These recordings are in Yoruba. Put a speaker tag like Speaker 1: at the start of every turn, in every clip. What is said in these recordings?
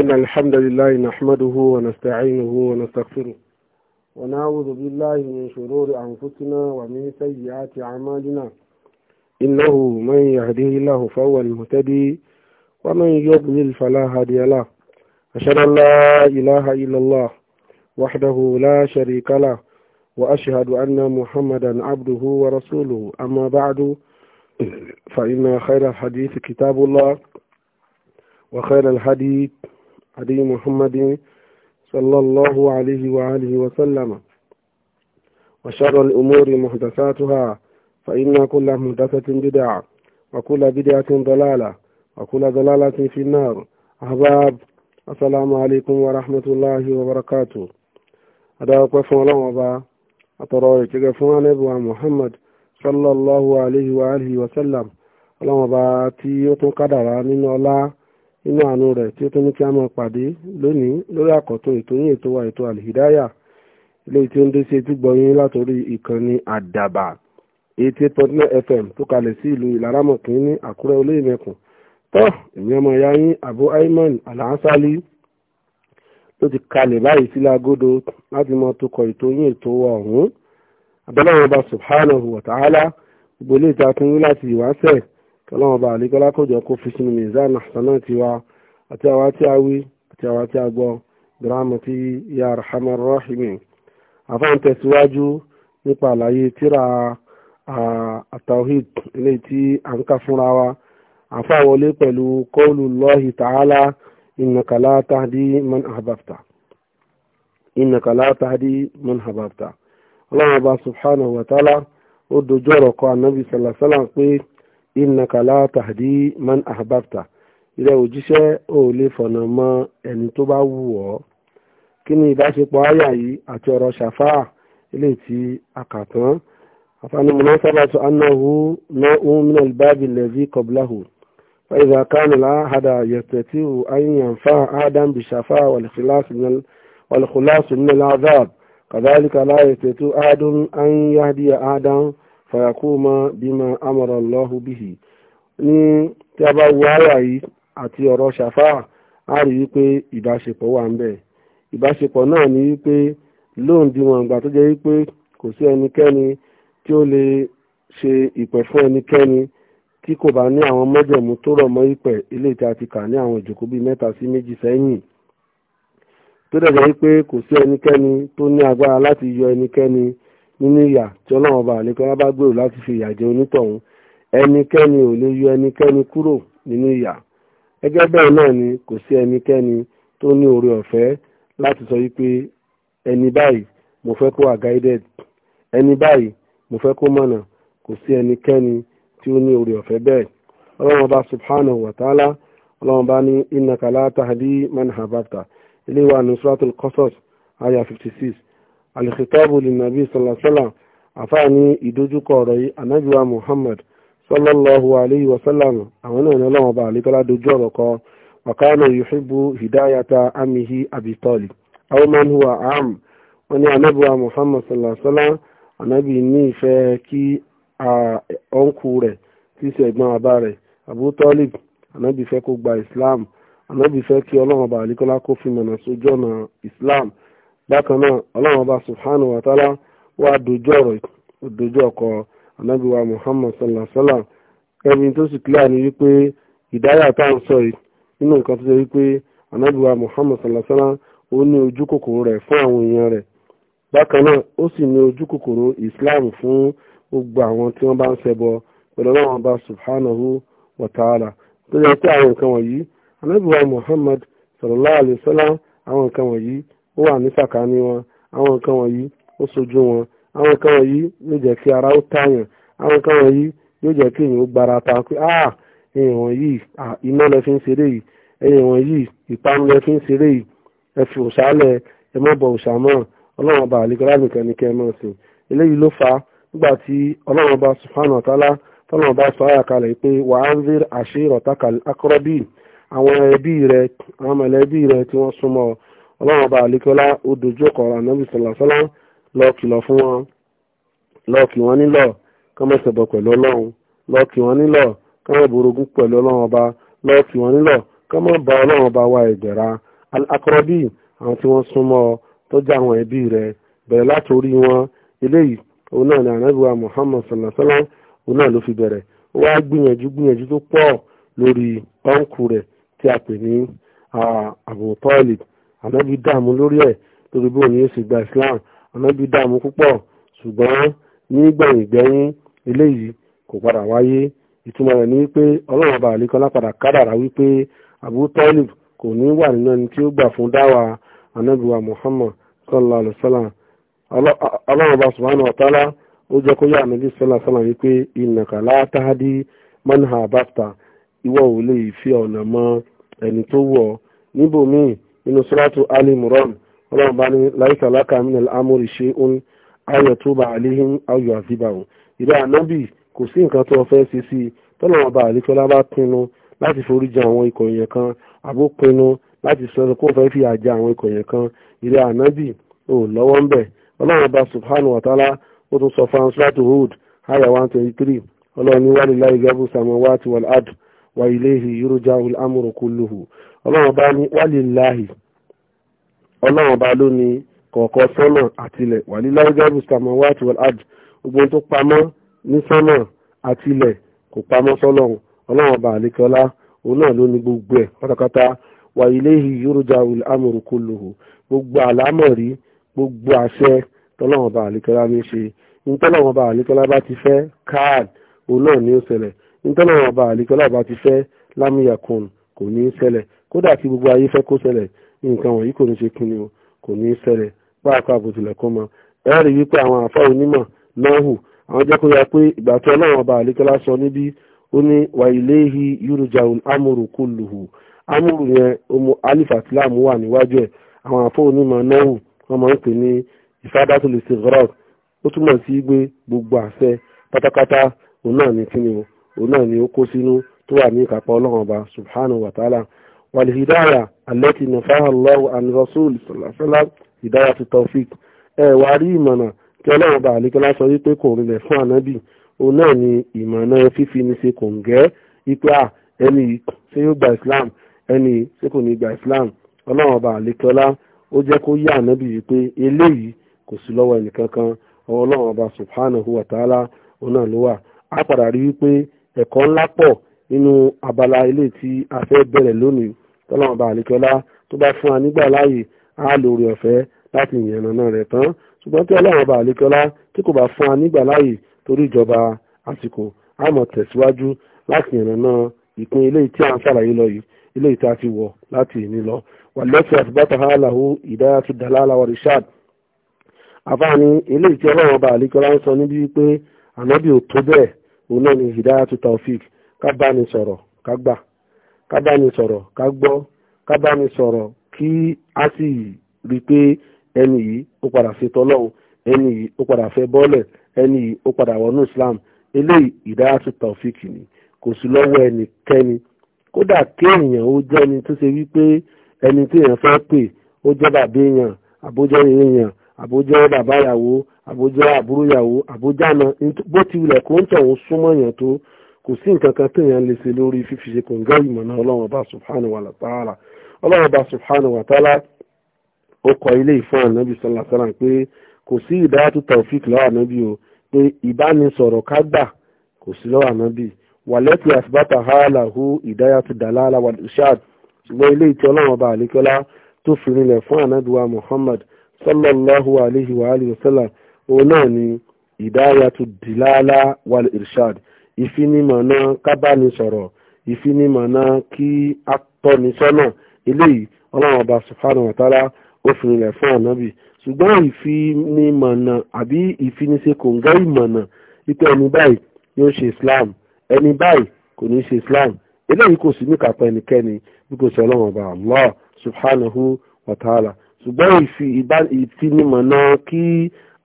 Speaker 1: إن الحمد لله نحمده ونستعينه ونستغفره ونعوذ بالله من شرور أنفسنا ومن سيئات أعمالنا إنه من يهده الله فهو المهتدي ومن يضلل فلا هادي له أشهد أن لا إله إلا الله وحده لا شريك له وأشهد أن محمدا عبده ورسوله أما بعد فإن خير الحديث كتاب الله وخير الحديث هدي محمد صلى الله عليه وآله وسلم وشر الأمور محدثاتها فإن كل محدثة بدعة وكل بدعة ضلالة وكل ضلالة في النار أحباب السلام عليكم ورحمة الله وبركاته هذا وقف الله وبا أترى تقفون نبوة محمد صلى الله عليه وآله وسلم الله وبا تيوت قدرا من الله nínú àánú rẹ̀ tí ó tún ní kí a máa pàdé lónìí lórí àkọ́tún ètò yín ètò wa ètò àlìhídáyà eléyìí tí ó ń dé sí etí gbọ̀yìn látòrí ìkànnì àdàbà eighty eight point nine fm tó kalẹ̀ sí ìlú ìlaramọ̀kín ní àkúrẹ́ olóyìnbẹ̀kùn tọ́ èmi ọmọ ìyá yín abu ayman alhansali ló ti kalẹ̀ báyìí sílẹ̀ agodo láti mọ tukọ̀ ètò yín ètò wa ọ̀hún abẹ́lẹ́wọ̀n ọba subhanahu wa ta'ala gbogbo ilé ìtakùn láti ìwáṣẹ̀ ọlọ́run ọba àlékọ́lá kọjọ kó fi sínú mizan hasanati wa àti àwa tí a wí àti àwa tí a gbọ́ biramati ya arhamar rahimin àfáàn tẹ̀síwájú nípa àlàyé tíra àtàwhid eléyìí tí à ń kà fúnra wa àfáà wọlé pẹ̀lú kọ́ọ̀lù lọ́hì tààlà innaka la tahdi man ahbabta innaka la ọlọ́run ọba subhanahu wa ta'ala ó dojú ọ̀rọ̀ kọ ànábì sallallahu pé innaka la tahdi man ahbabta ilé òjíṣẹ́ ò lè fọ̀nà mọ ẹni tó bá wù ọ́ kí ni ìbáṣepọ̀ àyà yìí àti ọ̀rọ̀ ṣàfáà ilé tí a kà tán àfààní munasabatu annahu nau'un min al-babi allazi qablahu fa idha kana al-ahada yastati'u an yanfa'a ahadan bi-shafa'a wal-khulasu fàyàkùmá bímọ amọ̀rọ̀ lọ́hùn bìhì ní tí a bá wo àyà yìí àti ọ̀rọ̀ ṣàfáà a rí wípé ìbáṣepọ̀ wà ń bẹ ìbáṣepọ̀ náà ni wípé lóǹdíwọ̀n ìgbà tó jẹ́ wípé kò sí ẹnikẹ́ni tí ó lè ṣe ìpẹ̀ fún ẹnikẹ́ni tí kò bá ní àwọn mọ́jẹ̀mú tó rọ̀ mọ́ ìpẹ̀ eléyìí tí a ti kà ní àwọn ìjókòó bíi mẹ́ta sí méjì sẹ́yìn tó dẹ̀ jẹ́ wípé kò sí ẹnikẹ́ni tó ní agbára láti yọ ẹnikẹ́ni nínú ìyà tí ọlọ́run ọba àlékọ́lá bá gbèrò láti fi ìyà jẹ onítọ̀hún ẹnikẹ́ni ò lè yọ ẹnikẹ́ni kúrò nínú ìyà gẹ́gẹ́ bẹ́ẹ̀ náà ni kò sí ẹnikẹ́ni tó ní oore ọ̀fẹ́ láti sọ wípé ẹni báyìí mo fẹ́ kó wà guided ẹni báyìí mo fẹ́ kó mọ̀nà kò sí ẹnikẹ́ni tí ó ní oore ọ̀fẹ́ bẹ́ẹ̀ ọlọ́run ọba subhanahu wa ta'ala ọlọ́run bá ní innaka la tahdi man ilé wa ní suratul aya fifty six alikitaabu linabi sallasala àfààní ìdojúkọ ọ̀rọ̀ yìí anabiwa muhammad sallallahu alayhi wa sallam àwọn náà ní ọlọ́wọ́n bá àlékọ́lá dojú ọ̀rọ̀ kọ wakana yuhibbu hidayata amihi abitoli
Speaker 2: aw man huwa am
Speaker 1: wọn ní anabiwa muhammad sallasala anabi ní ìfẹ́ kí ọ̀nkù rẹ̀ tí í ṣe ẹ̀gbọ́n àbá rẹ̀ abu talib anabi fẹ́ kó gba islam anabi fẹ́ kí ọlọ́wọ́n bá àlékọ́lá kó fi mọ̀nà sójú bákan náà ọlọ́run ọba subhanahu wa ta'ala wà dojú ọ̀rọ̀ ọkọ̀ muhammad sallallahu alaihi wa sallam ẹni tó sì kílẹ̀ ni wípé ìdáyà tá à ń sọ yìí nínú nǹkan tó ṣe sallallahu wa sallam ó ní ojú kòkòrò fún àwọn èèyàn rẹ. bákan náà ó sì ní ojú kòkòrò islam fún gbogbo àwọn tí wọ́n bá ń ṣẹbọ ọlọ́run ọba subhanahu wa ta'ala tó yẹ àwọn nǹkan wọ̀nyí ó wà ní sàkání wọn àwọn nǹkan wọ̀nyí ó sojú wọn àwọn nǹkan wọ̀nyí yóò jẹ́ kí ara ó tààyàn àwọn nǹkan wọ̀nyí yóò jẹ́ kí èèyàn ó gbára ta pé ah èèyàn wọ̀nyí ah, iná lẹ fi ń ṣeré yìí èèyàn wọ̀nyí ìpanu lẹ fi ń ṣeré yìí ẹ fi òṣà lẹ ẹ mọ́ bọ òṣà mọ́ ọlọ́run ọba àlekọ́lá nìkan ni kẹ́ ẹ mọ̀ sí eléyìí ló fà nígbà tí ọlọ́run ọba subhanahu wa ta'ala tọ́lọ́run ọba sọ ayà kalẹ̀ pé wa anzir ashiratakal aqrabin àwọn ẹbí rẹ àwọn mọ̀lẹ́bí rẹ tí wọ́n súnmọ́ ọ ọlọ́run ọba àlekọ́lá ó dojú ọkọ̀ ọ̀rọ̀ ànábì sọ̀làsọ́lá lọ́ọ́ kìlọ̀ fún wọn lọ́ọ́ kì wọ́n nílọ̀ kọ́mọ̀sẹ̀ bọ̀ pẹ̀lú ọlọ́run lọ́ọ́ kì wọ́n nílọ̀ kọ́mọ̀ borogún pẹ̀lú ọlọ́run ọba lọ́ọ́ kì wọ́n nílọ̀ kọ́mọ̀ ọlọ́run ọba wa ìgbẹ̀ra akọrọbí àwọn tí wọ́n súnmọ́ tó jẹ́ àwọn ẹbí rẹ̀ bẹ̀rẹ̀ láti wọn eléyìí òun náà ni ànábìwá Muhammad sọ̀làsọ́lá òun náà ló fi bẹ̀rẹ̀ ó wá gbìyànjú gbìyànjú tó pọ̀ lórí a pè ní anagidaamu dààmú lórí ẹ̀ lórí bí gba islam anagidaamu dààmú púpọ̀ ṣùgbọ́n nígbẹ̀yìngbẹ̀yìn eléyìí kò padà wáyé ìtumọ̀ rẹ̀ ni wípé ọlọ́run ọba àlékan lápadà wípé abu talib kò ní wà nínú ẹni tí ó gbà fún dáwà ànábì wa muhammad sallallahu alayhi wa sallam ọlọ́run ọba subhanahu wa ó jẹ́ kó yá sallallahu alayhi wa sallam wípé man ìwọ nínú suratu ali imran ọlọ́run bá ní láìka láka min al-amri shay'un ayatuba alihim aw yu'adhibahum ìdá ànábì kò sí nǹkan tó fẹ́ ṣe sí i tọ́lọ́wọ́n bá àlékọ́lá bá pinnu láti forí jẹ àwọn ikọ̀ yẹn kan àbó pinnu láti sọ kó fẹ́ fi àjẹ àwọn ikọ̀ yẹn kan ìdá ànábì ò lọ́wọ́ ń bẹ̀ ọlọ́run bá subhanahu ó tún sọ fún ansuratu hud aya one twenty three ọlọ́run ní wàlíláì gẹ́gẹ́ bó samawati wal wa ilayhi yurja'u al-amru kulluhu ọlọ́run bá ní walillahi ọlọ́run bá ló ní kọ̀ọ̀kan sọ́nà àtilẹ̀ walillahi ghaibu samawati wal ard gbogbo tó pamọ́ ní sọ́nà àtilẹ̀ kò pamọ́ sọ́lọ́run ọlọ́run bá àlékọ́lá òun náà ló ní gbogbo ẹ̀ pátápátá wa ilayhi yurja'u al-amru kulluhu gbogbo àlámọ̀rí gbogbo àṣẹ tọ́lọ́run bá àlékọ́lá ní ṣe ní tọ́lọ́run bá àlékọ́lá bá ti fẹ́ káàd òun náà ní ó ṣẹlẹ̀ nítorí àwọn ọba àlìkọ́lá ọba ti fẹ́ lámìyàkùn kò ní í ṣẹlẹ̀ kódà kí gbogbo ayé fẹ́ kó ṣẹlẹ̀ nǹkan wọ̀nyí kò ní ṣe kíni o kò ní í ṣẹlẹ̀ pàápàá bó tilẹ̀ kọ́ mọ ẹ rí i wípé àwọn àfa onímọ̀ náà hù àwọn jẹ́ kó yà pé ìgbà tí ọlọ́run ọba àlìkọ́lá sọ níbí ó ní wà iléhi yurjaul amúrù kulluhu amúrù yẹn ọmọ alifatilamu wà níwájú ẹ̀ àwọn àfa onímọ̀ náà hù wọ́n máa ń pè ní ìfádàtò òun náà ni ó kó sínú tó wà ní ìkápá ọlọ́run ọba subhanahu wa ta'ala wàlìhídáyà alẹ́tì nàfàhà lọ́wọ́ àni rasul sàlásálà ìdáyà ti tọ́fík ẹ wà rí ìmọ̀nà tí ọlọ́run ọba àlékọ́lá sọ wípé kò rinlẹ̀ fún ànábì òun náà ni ìmọ̀nà fífini ṣe kò ń gẹ́ ipò à ẹni ṣé yóò gba islam ẹni ṣé kò ní gba islam ọlọ́run ọba àlékọ́lá ó jẹ́ kó yá ànábì wípé eléyìí kò sí lọ́wọ́ ẹnìkankan ọlọ́run ọba subhanahu wa ta'ala òun náà ló wà á padà rí wípé ẹ̀kọ́ ńlá pọ̀ nínú abala ilé tí a fẹ́ bẹ̀rẹ̀ lónìí tọ́lọ́mọ bá àlekọ́lá tó bá fún wa nígbà láàyè á lórí ọ̀fẹ́ láti yànnàná rẹ̀ tán ṣùgbọ́n tí ọlọ́run bá àlekọ́lá tí kò bá fún wa nígbà láàyè torí ìjọba àsìkò á mọ̀ tẹ̀síwájú láti yànnàná ìpín ilé tí à ń ṣàlàyé lọ yìí ilé ìta ti wọ̀ láti ìní lọ wàlẹ́sì àtibátà aláwo òun ni hidayatu taofik ká bá ní sọ̀rọ̀ ká kí a sì rí i pé ẹni yìí ó padà ẹni padà fẹ́ bọ́ọ̀lẹ̀ ẹni yìí padà wọnú islam eléyìí hidayatu taofik ni kò sí lọ́wọ́ ẹnikẹ́ni kódà kéèyàn ó jẹ́ ẹni tó ṣe wípé ẹni tí èèyàn fẹ́ pè ó jẹ́ bàbá èèyàn àbójẹ́ èèyàn àbójẹ́ bàbá ìyàwó àbójẹ́ àbúrò ìyàwó àbójána bó ti wulẹ̀ kó ń tọ̀hún súnmọ́ yàn tó kò sí nǹkan kan téèyàn lè ṣe lórí fífi ṣe kòǹgá ìmọ̀nà ọlọ́run ọba subhanahu wa ta'ala ọlọ́run ọba subhanahu wa ta'ala ó kọ ilé ìfọ́n ànábì sallallahu alaihi wasallam pé kò sí ìdáyàtú taofik lọ́wọ́ ànábì o pé ìbánisọ̀rọ̀ ká gbà kò sí lọ́wọ́ ànábì wàlẹ́tì àsìbátà hàálà hu ìdáyàtú dàlálà wàlúṣàd ṣùgbọ́n ilé ìtì ọlọ́run ọba àlékọ́lá tó fi rinlẹ̀ fún ànábì wa Muhammad sallallahu alayhi wa alayhi wa sallam òun náà ni ìdáyàtú dìláàlá wal irshad ìfinimọ̀nà kábánisọ̀rọ̀ ìfinimọ̀nà kí atọ́nisọ́nà eléyìí ọlọ́run ọba subhanahu wa ta'ala ó fi rinlẹ̀ fún ànábì ṣùgbọ́n ìfinimọ̀nà àbí ìfinisẹ kòǹgẹ́ ìmọ̀nà wípé ẹni báyìí yóò ṣe islam ẹni báyìí kò ní ṣe islam eléyìí kò sí níkàpá ẹnikẹ́ni bí kò sí ọlọ́run ọba allah subhanahu wa ta'ala ṣùgbọ́n ìfinimọ̀nà kí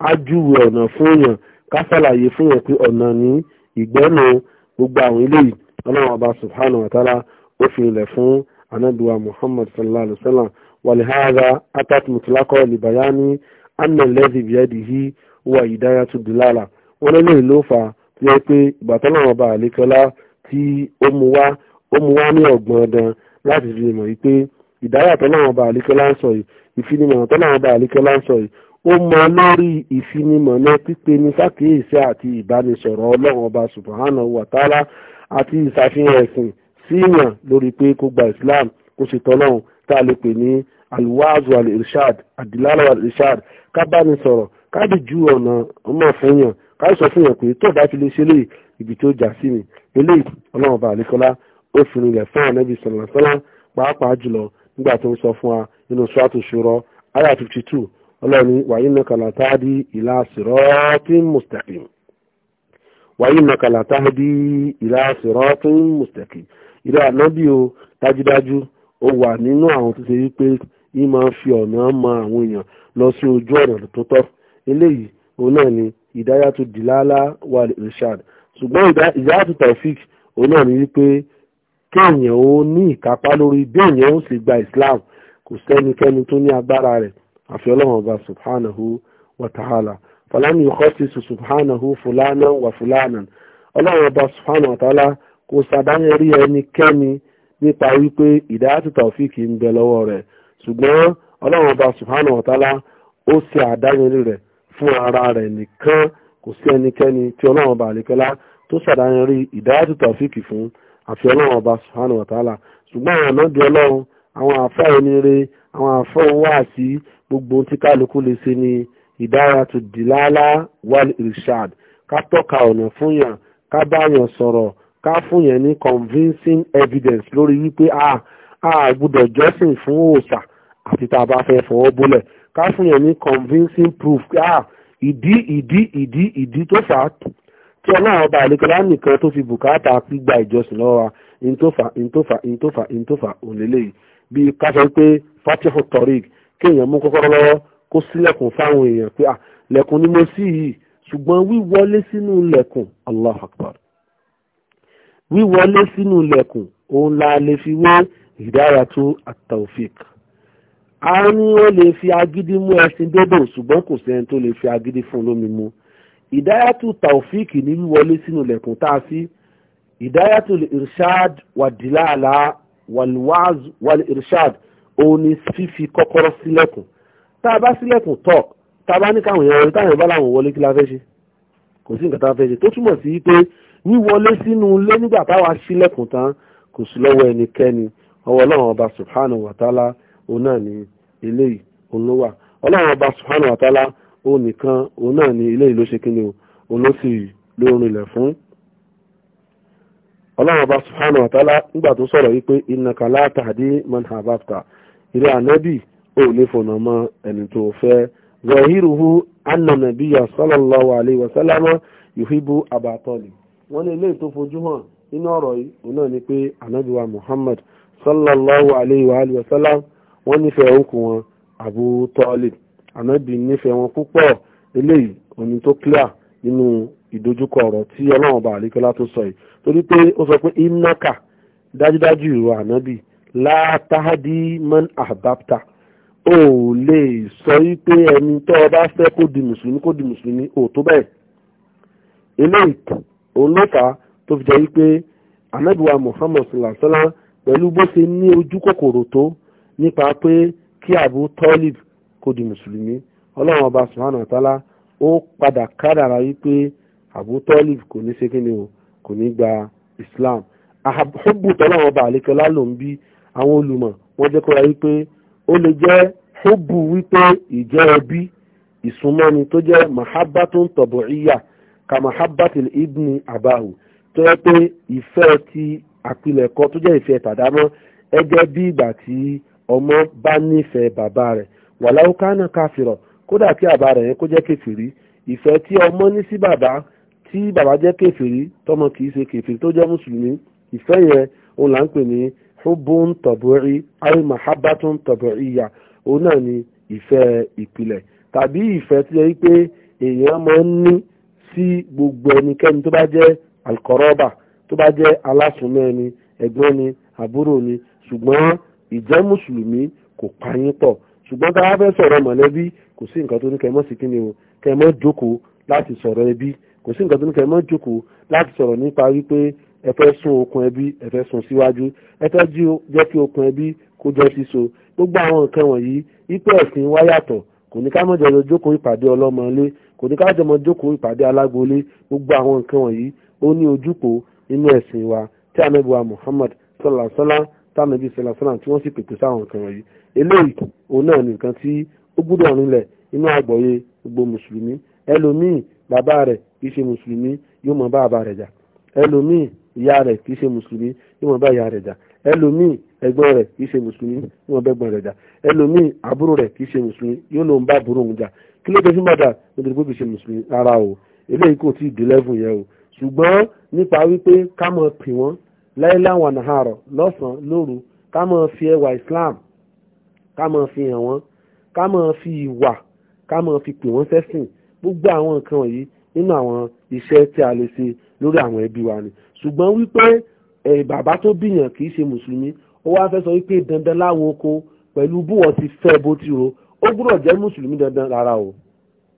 Speaker 1: á júwe ọ̀nà fún yàn ká ṣàlàyé fún yàn pé ọ̀nà ní ìgbẹ́nu gbogbo àwọn eléyìí ọlọ́run ọba subhanahu wa ta'ala ó fi ilẹ̀ fún anaduwa muhammad sallallahu alayhi wa sallam walihada atat mutlaqo libayani anna lezi biyadihi wa hidayatu dilala wọn lé lè ló fà tí ó pé ìgbà tọ́lọ́run ọba àlékọ́lá tí ó mú wá ó mú wá ní ọ̀gbọ̀n ọ̀dàn láti fi mọ̀ wípé ìdáyàtọ̀ náà ọba àlékọ́lá ń sọ yìí ìfinimọ̀nà tó náà bá àlékẹ́ láǹsọ̀ yìí ó mọ lórí ìfinimọ̀nà pípe ní sákèésí àti ìbánisọ̀rọ̀ ọlọ́run ọba subhanahu wa ta'ala àti ìsàfihàn ẹ̀sìn síyàn lórí pé kó gba islam kó ṣe tọ́lọ́run tá a lè pè ní alwazu al adilala al-irshad kábánisọ̀rọ̀ káàdì ju ọ̀nà ọmọ fún yàn káàdì sọ fún yàn pé tó bá fi lè ṣe léyìí ibi tó jà sí mi eléyìí ọlọ́run ọba àlékọ́lá ó fi rinlẹ̀ fún ànábì sallallahu alaihi pàápàá jùlọ nígbà tó ń sọ fún wa nínú suratu shura aya 52 two ọlọ́ni wàyí nàkàlà táàdì ìlà siratin mustaqim wàyí nàkàlà táàdì ìlà siratin mustaqim ìlà ànábì o dájúdájú ó wà nínú àwọn tó ṣe wípé yìí máa ń fi ọ̀nà mọ àwọn èèyàn lọ sí ojú ọ̀nà tó tọ́ eléyìí òun náà ni ìdáyàtú dìlálá wà rishad ṣùgbọ́n ìdáyàtú taofik òun náà ni wípé kéèyàn ó ní ìkápá lórí bí èèyàn ó sì gba islam kò sẹ́nikẹ́ni tó ní agbára rẹ̀ àfi ọlọ́run ọba subhanahu wa ta'ala falami yukhasisu subhanahu fulana wa fulana ọlọ́run ọba subhanahu wa ta'ala kò sàdáyẹrí ẹnikẹ́ni nípa wípé ìdáyàtò tàwífìkì ń bẹ lọ́wọ́ rẹ̀ ṣùgbọ́n ọlọ́run ọba subhanahu wa ta'ala ó ṣe àdáyẹrí rẹ̀ fún ara rẹ̀ nìkan kò sí ẹnikẹ́ni tí ọlọ́run ọba àlekọ́lá tó sàdáyẹrí ìdáyàtò tàwífìkì fún àfi ọlọ́run ọba subhanahu wa ta'ala ṣùgbọ́n àwọn ànábì ọlọ́run àwọn àfọ́ onire àwọn àfọ́ wáàsí gbogbo tí kálukú lè ṣe ni ìdára tó dìláàlá wal irshad ká tọ́ka ọ̀nà fúnyàn ká báyàn sọ̀rọ̀ ká fúnyàn ní convincing evidence lórí wípé a a gbúdọ̀ jọ́sìn fún òòṣà àti tá a bá fẹ́ fọwọ́ bólẹ̀ ká fúnyàn ní convincing proof a ìdí ìdí ìdí ìdí tó fà á tí ọlọ́run ọba àlekọ́lá nìkan tó fi bùkátà gbígba ìjọsìn lọ́wọ́ wa ìntòfà ìntòfà ìntòfà ìntòfà òlélẹ́yìí bíi káṣọ pé fatihu tariq kéèyàn mú kọ́kọ́rọ́ lọ́wọ́ kó sílẹ̀kùn fáwọn èèyàn pé ah lẹ̀kùn ni mo ṣí yìí ṣùgbọ́n wíwọlé sínú lẹ̀kùn allahu akbar wíwọlé sínú lẹ̀kùn òun la lè fi wé hidayatu at-tawfiq a ní wọ́n lè fi agídí mú ẹṣin dédò ṣùgbọ́n kò sẹ́ni tó lè fi agídí fún lómi mu ìdáyàtú taofik ní wíwọlé sínú lẹ̀kùn tá a sí ìdáyàtú irshad wàdílàlà wàlúwàz wàlúirṣad òun ni fífi kọ́kọ́rọ́ sílẹ̀kùn tá a bá sílẹ̀kùn tọ̀ tá a bá ní káwọn èèyàn wọlé táwọn èèyàn bá láwọn wọlé kí la fẹ́ ṣe kò sí nǹkan tá a fẹ́ ṣe tó túmọ̀ sí pé wíwọlé sínú ilé nígbà táwa sílẹ̀kùn tán kò sí lọ́wọ́ ẹnikẹ́ni ọwọ́ ọlọ́run ọba subhanahu wa ta'ala òun náà ni eléyìí òun ló wà ọlọ́run ọba subhanahu wa ta'ala òun nìkan òun náà ni eléyìí ló ṣe kí ni òun ló sì lóorun ilẹ̀ fún
Speaker 2: ọlọ́run ọba subhanahu wa ta'ala
Speaker 1: nígbà tó sọ̀rọ̀ yìí pé innaka la tahdi man ahbabta ilé ànábì ò lè fọ̀nà mọ́ ẹni tó fẹ́ zahiruhu anna nabiyya sallallahu alayhi wa sallam yuhibbu aba talib wọ́n ní eléyìí tó fojú hàn nínú ọ̀rọ̀ yìí òun náà ni pé ànábì wa muhammad sallallahu alayhi wa sallam wọ́n nífẹ̀ẹ́ òkú wọn abu talib ànábì nífẹ̀ẹ́ wọn púpọ̀ eléyìí òun tó clear nínú ìdojúkọ ọ̀rọ̀ tí ọlọ́run bá àlékọ́lá tó sọ yìí torí pé ó sọ pé innaka dájúdájú ìwọ ànábì látàdí man ahbabta ò lè sọ wípé ẹni tó o bá fẹ́ kó di mùsùlùmí kó di mùsùlùmí ò tó bẹ́ẹ̀ eléyìí òun ló fà á tó fi jẹ́ wípé ànábì wa Muhammad sallallahu pẹ̀lú bó ṣe ní ojú kòkòrò tó nípa pé kí Abu Talib kó di mùsùlùmí ọlọ́run ọba subhanahu wa ó padà kádàrá wípé Abu Talib kò ní sékìní o kò ní gba Islam hubu tọ́láwọn ọba àlekọ́lá ló ń bí àwọn olùmọ̀ wọ́n jẹ́ kọ́ra wípé ó lè jẹ́ hubu wípé ìjẹ́ ẹbí ìsúnmọ́ni tó jẹ́ mahabbatun tabu'iyya ka mahabbatil ibni abahu tó yẹ pé ìfẹ́ ti àpilẹ̀kọ tó jẹ́ ìfẹ́ tàdámọ́ ẹgẹ́ bí ìgbà tí ọmọ bá nífẹ̀ẹ́ bàbá rẹ̀ wàláwó kánà káfìrọ̀ kódà kí àbá rẹ̀ yẹn kó jẹ́ kẹfìrí ìfẹ́ tí ọmọ ní sí bàbá tí bàbá jẹ́ kèfèrí tọmọ kì í ṣe kèfèrí tó jẹ́ mùsùlùmí ìfẹ́ yẹn òun là ń pè ní hubbun tọ̀bọ̀rí ayé mahabbatun tọ̀bọ̀ríyà òun náà ni ìfẹ́ ìpìlẹ̀ tàbí ìfẹ́ tí yẹ pé èèyàn máa ń ní sí gbogbo ẹnikẹ́ni tó bá jẹ́ alkọ́rọ́bà tó bá jẹ́ alásùnmọ́ ẹni ẹ̀gbọ́n ni àbúrò ni ṣùgbọ́n ìjẹ́ mùsùlùmí kò pààyàn pọ̀ ṣùgbọ́n tá a fẹ́ sọ̀rọ̀ mọ̀lẹ́bí kò sí nǹkan tó ní kẹ́ mọ́ sí kí ni o kẹ́ mọ́ jókòó láti sọ̀rọ̀ ẹbí kò sí nǹkan tó ní kẹ́ ẹ mọ́ jókòó láti sọ̀rọ̀ nípa wípé ẹ fẹ́ sún okùn ẹbí ẹ fẹ́ sún síwájú ẹ fẹ́ jẹ́ kí okùn ẹbí kó jọ síso gbogbo àwọn nǹkan wọ̀nyí ipò ẹ̀sìn wa yàtọ̀ kò ní ká mọ̀ jọjọ jókòó ìpàdé ọlọ́mọlé kò ní ká jọmọ jókòó ìpàdé alágbolé gbogbo àwọn nǹkan wọ̀nyí ó ní ojúpọ̀ inú ẹ̀sìn wa tí ànábì Muhammad sọlásọlá tànàbí sọlásọlá tí wọ́n sì pèpè sáwọn nǹkan wọ̀nyí eléyìí òun náà nìkan tí ó gbúdọ̀ rinlẹ̀ inú àgbọ̀yé gbogbo mùsùlùmí ẹlòmíì bàbá rẹ̀ kìí ṣe mùsùlùmí yóò mọ bá bàbá rẹ̀ jà ẹlòmíì ìyá rẹ̀ kìí ṣe mùsùlùmí yóò mọ bá ìyá rẹ̀ jà ẹlòmíì ẹ̀gbọ́n rẹ̀ kìí ṣe mùsùlùmí yóò mọ bẹ́gbọ́n rẹ̀ jà ẹlòmíì àbúrò rẹ̀ kìí ṣe yóò lòun bá àbúrò òun jà kí ló dé fún bàdà nítorí pé kìí ṣe mùsùlùmí ara o eléyìí kò tí ì délẹ́fù yẹn o ṣùgbọ́n nípa wípé ká mọ̀ pè wọ́n láìláwọn ànàhàrọ̀ lọ́sàn-án lóru ká mọ̀ fi ẹwà Islam ká mọ̀ fi hàn wọ́n ká mọ̀ fi ìwà ká mọ̀ fi pè wọ́n sẹ́sìn gbogbo àwọn nǹkan yìí nínú àwọn iṣẹ́ tí a lè ṣe lórí àwọn ẹbí wa ni ṣùgbọ́n wípé bàbá tó bìyàn kì í ṣe mùsùlùmí ó wá fẹ́ sọ wípé dandan láwọn oko pẹ̀lú búwọ́ ti fẹ́ bó ti ro ó gbúdọ̀ jẹ́ mùsùlùmí dandan rárá o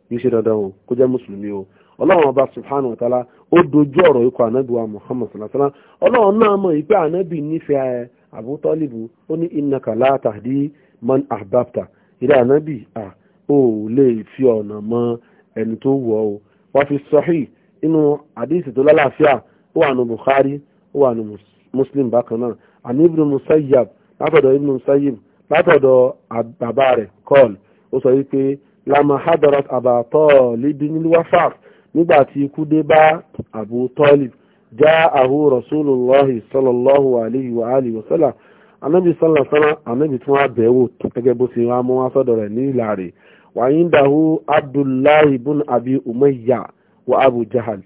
Speaker 1: kì í ṣe dandan o kó jẹ́ mùsùlùmí o ọlọ́run ọba subhanahu wa ta'ala ó dojú ọ̀rọ̀ ikọ̀ ànábì wa muhammad sallallahu alayhi wa sallam ọlọ́run náà mọ̀ wípé ànábì nífẹ̀ẹ́ Abu talibu ó ní innaka la tahdi man ahbabta ìdá ànábì à ó lè fi ọ̀nà mọ ẹni tó wọ̀ ọ́ wọ́n fi sahih inú àdíìsì tó lálàáfíà ó wà nù Bukhari ó wà nù Muslim bákan náà àní Ibn Musayyab látọ̀dọ̀ Ibn Musayyib látọ̀dọ̀ bàbá rẹ̀ kọ́ọ̀lù ó sọ wípé lama hadarat abatọ́ libi nílùwáfàf nígbà tí ikú dé bá Abu Talib ja'ahu rasulullahi sallallahu alayhi wa alihi wa sallam anabi sallallahu sallam anabi tún wá bẹ̀wò gẹ́gẹ́ bó ti wá mú wá sọ́dọ̀ rẹ̀ ní ìlà rẹ̀ وعنده عبد الله بن أبي أمية وأبو جهل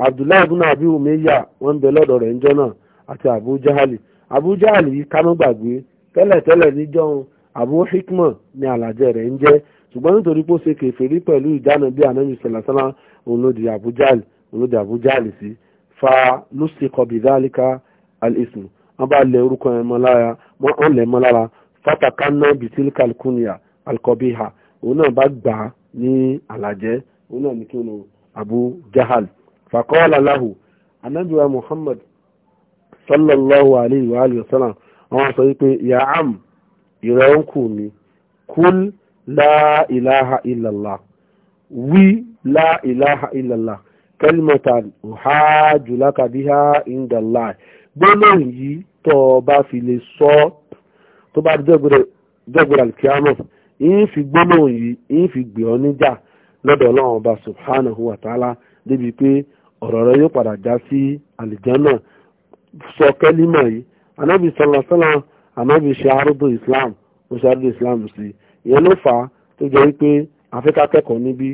Speaker 1: عبد الله بن أبي أمية wọ́n bẹ lọ́dọ̀ rẹ̀ níjọ́ àti Abu Jahal Abu Jahal yìí ká gbàgbé tẹ́lẹ̀tẹ́lẹ̀ Abu hikman ni rẹ̀ jẹ́ ṣùgbọ́n nítorí pé ó ṣe pẹ̀lú ìdáná bí Abu Abu sí fa bá lẹ orúkọ mọ́ lára mọ́ òun náà bá gbà á ní àlàjẹ́ òun náà ní kí ni abu jahal faqala lahu anábìwá muhammad sallallahu alayhi wa alihi wa sallam àwọn sọ wípé ya am ìrẹ̀ ń kù mí kúl la ilaha illallah wí la ilaha illallah kalimatan uhaju laka biha indallah gbọ́dọ̀ yìí tó bá fi lè sọ tó bá dẹ́gbẹ̀rẹ̀ alkiyama yìí fi gbólóhùn yìí yìí fi gbé ọ níjà lọ́dọ̀ ọlọ́run ọba subhanahu wa ta'ala débi pé ọ̀rọ̀ rẹ yóò padà já sí àlìjánà sọ kẹ́límọ̀ yìí anábì sọlọ́sọ́lá anábì ṣe arúgbó islam ó ṣe arúgbó islam sí ìyẹn ló fà á tó jẹ́ wípé afẹ́ká kẹ́kọ̀ọ́ níbí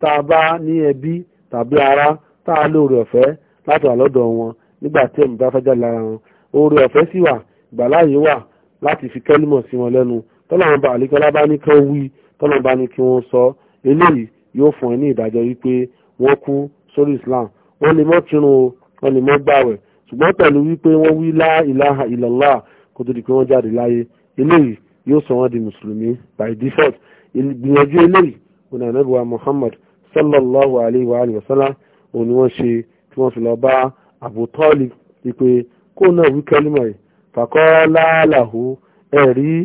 Speaker 1: tá a bá ní ẹbí tàbí ará tá a lóore ọ̀fẹ́ láti wà lọ́dọ̀ wọn nígbà tí ẹ̀mí bá fẹ́ lára wọn oore ọ̀fẹ́ sì wà ìgbàláyé wà láti fi kẹ́límọ̀ sí wọn lẹ́nu tọ́lọ́run bá àlékọ́lá bá ní kán wí tọ́lọ́run bá ní kí wọ́n sọ eléyìí yóò fún ẹ ní ìdájọ́ wípé wọ́n kú sórí islam wọ́n lè mọ́ kírun o wọ́n lè mọ́ gbàwẹ̀ ṣùgbọ́n pẹ̀lú wípé wọ́n wí lá ìlàhà ìlàlá kó tó di pé wọ́n jáde láyé eléyìí yóò sọ wọ́n di mùsùlùmí by default ìgbìyànjú eléyìí ọ̀nà ìnáwó muhammad sallallahu alayhi wa alayhi wa sallam òun ni wọ́n ṣe tí wọ́n fi Abu Talib wípé kó náà wí kẹ́límọ̀ yìí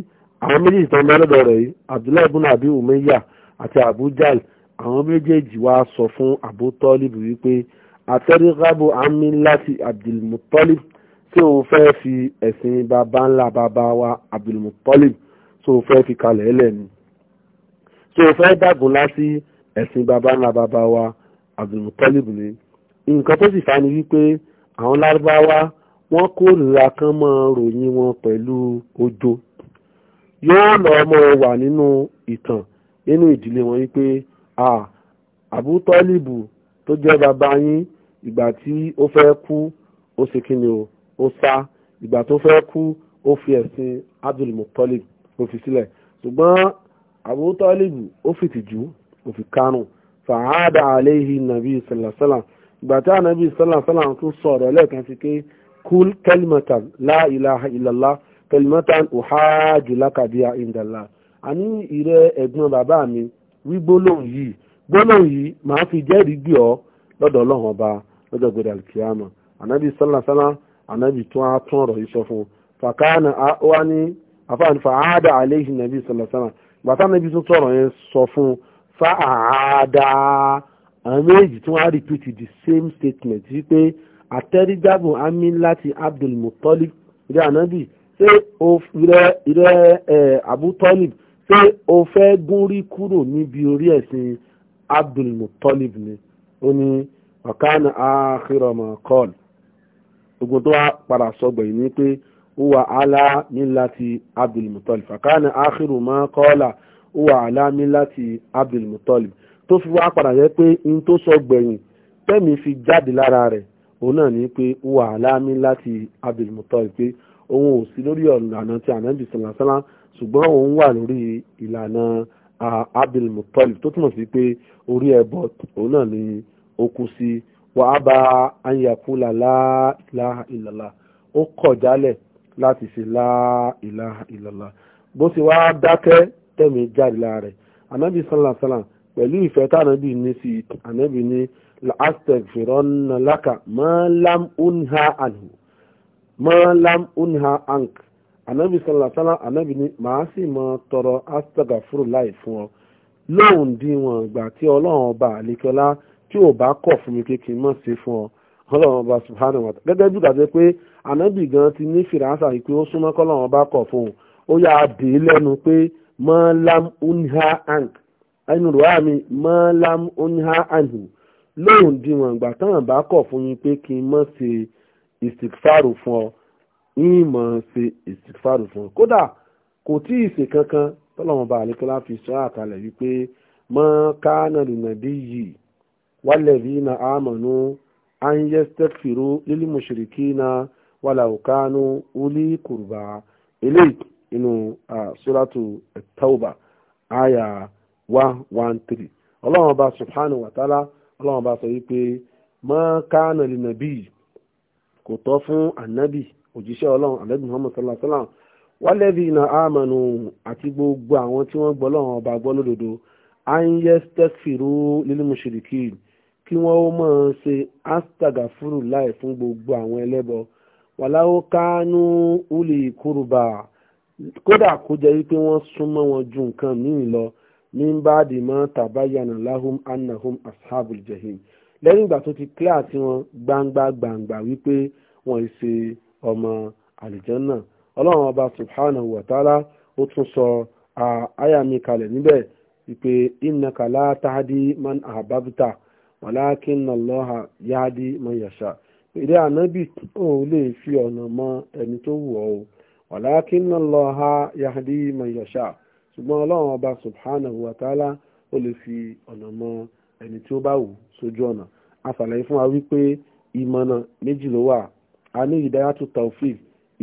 Speaker 1: àwọn méjèèjì tó ń bẹ́lẹ́dọ̀ rẹ̀ yìí abdullahi ibùnà àbí umeya àti abujal àwọn méjèèjì wá sọ fún abu tọ́lib wípé àtẹ́rígbàbò àmì láti abdulmutalib tí òun fẹ́ fi ẹ̀sìn bàbá ńlá bàbá wa abdulmutalib tí òun fẹ́ fi kalẹ̀ ẹlẹ́ni tí òun fẹ́ dàgùn láti ẹ̀sìn bàbá ńlá bàbá wa abdulmutalib ni nǹkan tó sì fani wípé àwọn lárúbáwá wọ́n kórìíra kán mọ́ ròyìn wọn pẹ̀lú ojo yóò lọ ọmọ wà nínú ìtàn nínú ìdílé wọn wípé àbú tọ́lìbù tó jẹ́ bàbá yín ìgbà tí ó fẹ́ kú ó ṣe kí ni o ó sá ìgbà tó fẹ́ kú ó fi ẹ̀sìn Abdul Muttalib ó fi sílẹ̀ ṣùgbọ́n àbú tọ́lìbù ó fi tìjú ó fi kánù fàáda àléhi nàbí sàlàsàlà ìgbà tí ànábì sàlàsàlà tún sọ̀rọ̀ lẹ́ẹ̀kan sí pé kúl kẹlìmọ̀tà la ilaha kẹlìmọ́tàn òháàjù lákàdíà ìndàlá àní ìrẹ́ ẹ̀gbọ́n bàbá mi wí gbólóhùn yìí gbólóhùn yìí màá fi jẹ́rìí gbé ọ lọ́dọ̀ ọlọ́run ọba lọ́jọ́ gbẹdẹ alikiyama anabi sálásálá anabi tún á tún ọ̀rọ̀ yìí sọ fún fàkàánà wa ní àfààní fàáàdà àléhìn nàbí sálásálá bàtà nàbí tún tọ̀rọ̀ yẹn sọ fún fàáàdà àwọn tún á repeat the same statement wípé àtẹ́rígbàbùn amí láti Abdul Muttalib rí anabi ṣé o rẹ rẹ ẹ Abu Talib ṣé o fẹ́ gún rí kúrò níbi orí ẹ̀sìn Abdul Muttalib ni ó ní ọ̀kánà àkìrọ̀mọ̀ kọ́ọ̀lù ogun tó wá padà sọgbẹ̀ yìí ni pé ó wà ala millati Abdul Muttalib ọ̀kánà àkìrọ̀mọ̀ kọ́ọ̀là ó wà ala millati Abdul Muttalib tó fi wá padà yẹ pé in tó sọgbẹ̀yìn tẹ́mi fi jáde lára rẹ̀ òun náà ní pé ó wà ala millati Abdul Muttalib pé òun ò sí lórí ọ̀nà tí ànábì sàlàsàlà ṣùgbọ́n òun wà lórí ìlànà Abdul Muttalib tó túmọ̀ sí pé orí ẹbọ òun náà ni ó kú sí wà á bá anyakula láìláha ìlàlá ó kọ̀ jálẹ̀ láti ṣe láìláha ìlàlá bó ṣe wá dákẹ́ tẹ̀mí jáde lára rẹ̀ ànábì sàlàsàlà pẹ̀lú ìfẹ́ tànábì ní sí ànábì ní la astagfironna laka ma lam unha anhu malam unha ank anabi sallasala anabi ni màá sì mọ tọrọ astagafuru láì fún ọ lóhùn díwọn ìgbà tí ọlọ́run ọba àlekọlá tí ò bá kọ̀ fún mi kékeré mọ̀ sí fún ọ ọlọ́run ọba subhanahu wa ta'ala gẹ́gẹ́ bí gàdé pé anabi gan ti ní fìràṣà yìí pé ó súnmọ́ kọ́lọ́run ọba kọ̀ fún un ó yà á dé lẹ́nu pé malam unha ank ẹnu rẹ̀ wá malam unha anhu lóhùn díwọn ìgbà táwọn bá kọ̀ fún yín pé kí n mọ̀ sí i ìsìkfàrù fún ọ ìmọ̀ ṣe ìsìkfàrù fún ọ kódà kò tí ì ṣe kankan tọ́lọ́mọba àlékọ́lá fi sọ àkàlẹ̀ wípé mọ́ kánà lùnàbí yìí wálẹ̀bí na àmọ̀nú anyestẹ́fìrú lílímùsìrìkì na wàlàùkánú ulí kùrùbà eléyìí inú sóràtù tauba àyà one one three ọlọ́mọba subhanahu wa ta'ala ọlọ́mọba sọ wípé mọ́ kánà lùnàbí yìí. kò tọ́ fún ànábì òjíṣẹ́ ọlọ́run ànábì muhammed sallallahu alayhi wa sallam wálẹ́bí iná àmànù àti gbogbo àwọn tí wọ́n gbọ́ lọ́wọ́ ọba gbọ́ lódodo ayestefiro lílùmùsìrìkì kí wọ́n ó mọ̀ ọ́n ṣe astagafuru láì fún gbogbo àwọn ẹlẹ́bọ wàláwó kánú ulì kúrúbà kódà kó jẹ́ wípé wọ́n súnmọ́ wọn ju nǹkan míì lọ ní bá dì mọ́ tàbáyànà láhùm anahum ashabul jahim. lẹ́yìn ìgbà tó ti clear àti wọn gbangba gbangba wípé wọ́n ṣe ọmọ àlìjánà ọlọ́run ọba subhanahu wa ta'ala ó tún sọ àyà mi kalẹ̀ níbẹ̀ wípé innaka la tahdi man ahbabta walakinna Allaha yahdi man yasha ìdí ànábì ò lè fi ọ̀nà mọ ẹni tó wù ọ́ o walakinna Allaha yahdi man yasha ṣùgbọ́n ọlọ́run ọba subhanahu wa ta'ala ó lè fi ọ̀nà mọ ẹni tó wù ọ́ ẹni tí ó bá wù sójú ọ̀nà àṣàlàyé fún wa wípé ìmọ̀nà méjì ló wà a ní ìdáyàtú taofik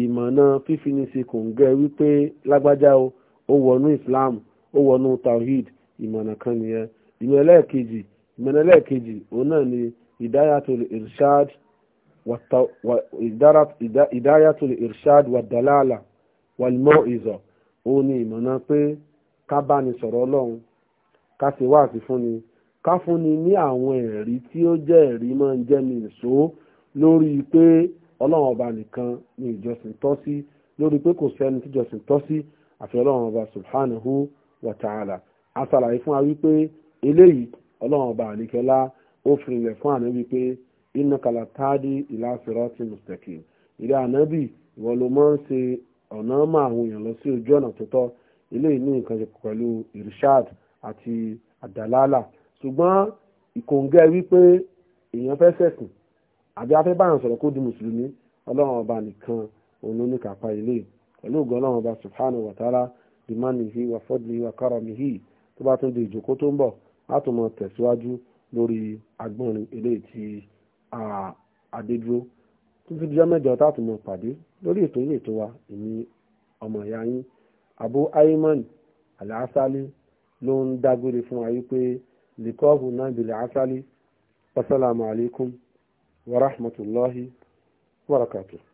Speaker 1: ìmọ̀nà fífini sí kòǹgẹ́ wípé lágbájá o ó wọnú islam ó wọnú tawhid ìmọ̀nà kan nìyẹn ìmọ̀nà ẹlẹ́ẹ̀kejì ìmọ̀nà ẹlẹ́ẹ̀kejì òun náà ni ìdáyàtú irshad ìdáyàtú irshad wà dàlálà wà mọ́ ìzọ̀ òun ni ìmọ̀nà pé ká bá ní sọ̀rọ̀ ọlọ́run ká ṣe wáàsí fún ni ká fúnni ní àwọn ẹ̀rí tí ó jẹ́ ẹ̀rí máa ń jẹ́ mi ìṣó lórí pé ọlọ́run ọba nìkan ni ìjọsìn tọ́ sí lórí pé kò sẹ́ni tí ìjọsìn tọ́ sí àfi ọlọ́run ọba subhanahu wa ta'ala a ṣàlàyé fún wa wípé eléyìí ọlọ́run ọba àníkẹ́lá ó fi rìnlẹ̀ fún àná wípé iná kalatadi ìlà sirati mustaqim ìrẹ́ ànábì ìwọ ló máa ń ṣe ọ̀nà mọ́ àwọn èèyàn lọ sí ojú ọ̀nà tó tọ́ eléyìí ní nǹkan ṣe pẹ̀lú irshad àti àdàlálà ṣùgbọ́n ìkòǹgẹ́ wípé èèyàn fẹ́ sẹ̀sìn àbí afẹ́ báyìí sọ̀rọ̀ kó di mùsùlùmí ọlọ́run ọba nìkan òun ló ní kápá ilé pẹ̀lú ògùn ọlọ́run ọba subhanahu wa ta'ala bimanihi wa fadlihi wa karamihi tó bá tún di ìjòkó tó ń bọ̀ láti mọ tẹ̀síwájú lórí agbọ́nrin eléyìí tí adédúró títí díjọ́ mẹ́jọ táàtì mọ pàdé lórí ètò ilé ètò wa èmi ọmọ ìyá yín Abu Ayman Al-Asali ló ń dágbére fún wa yí pé لقاؤنا بالعسل والسلام عليكم ورحمة الله وبركاته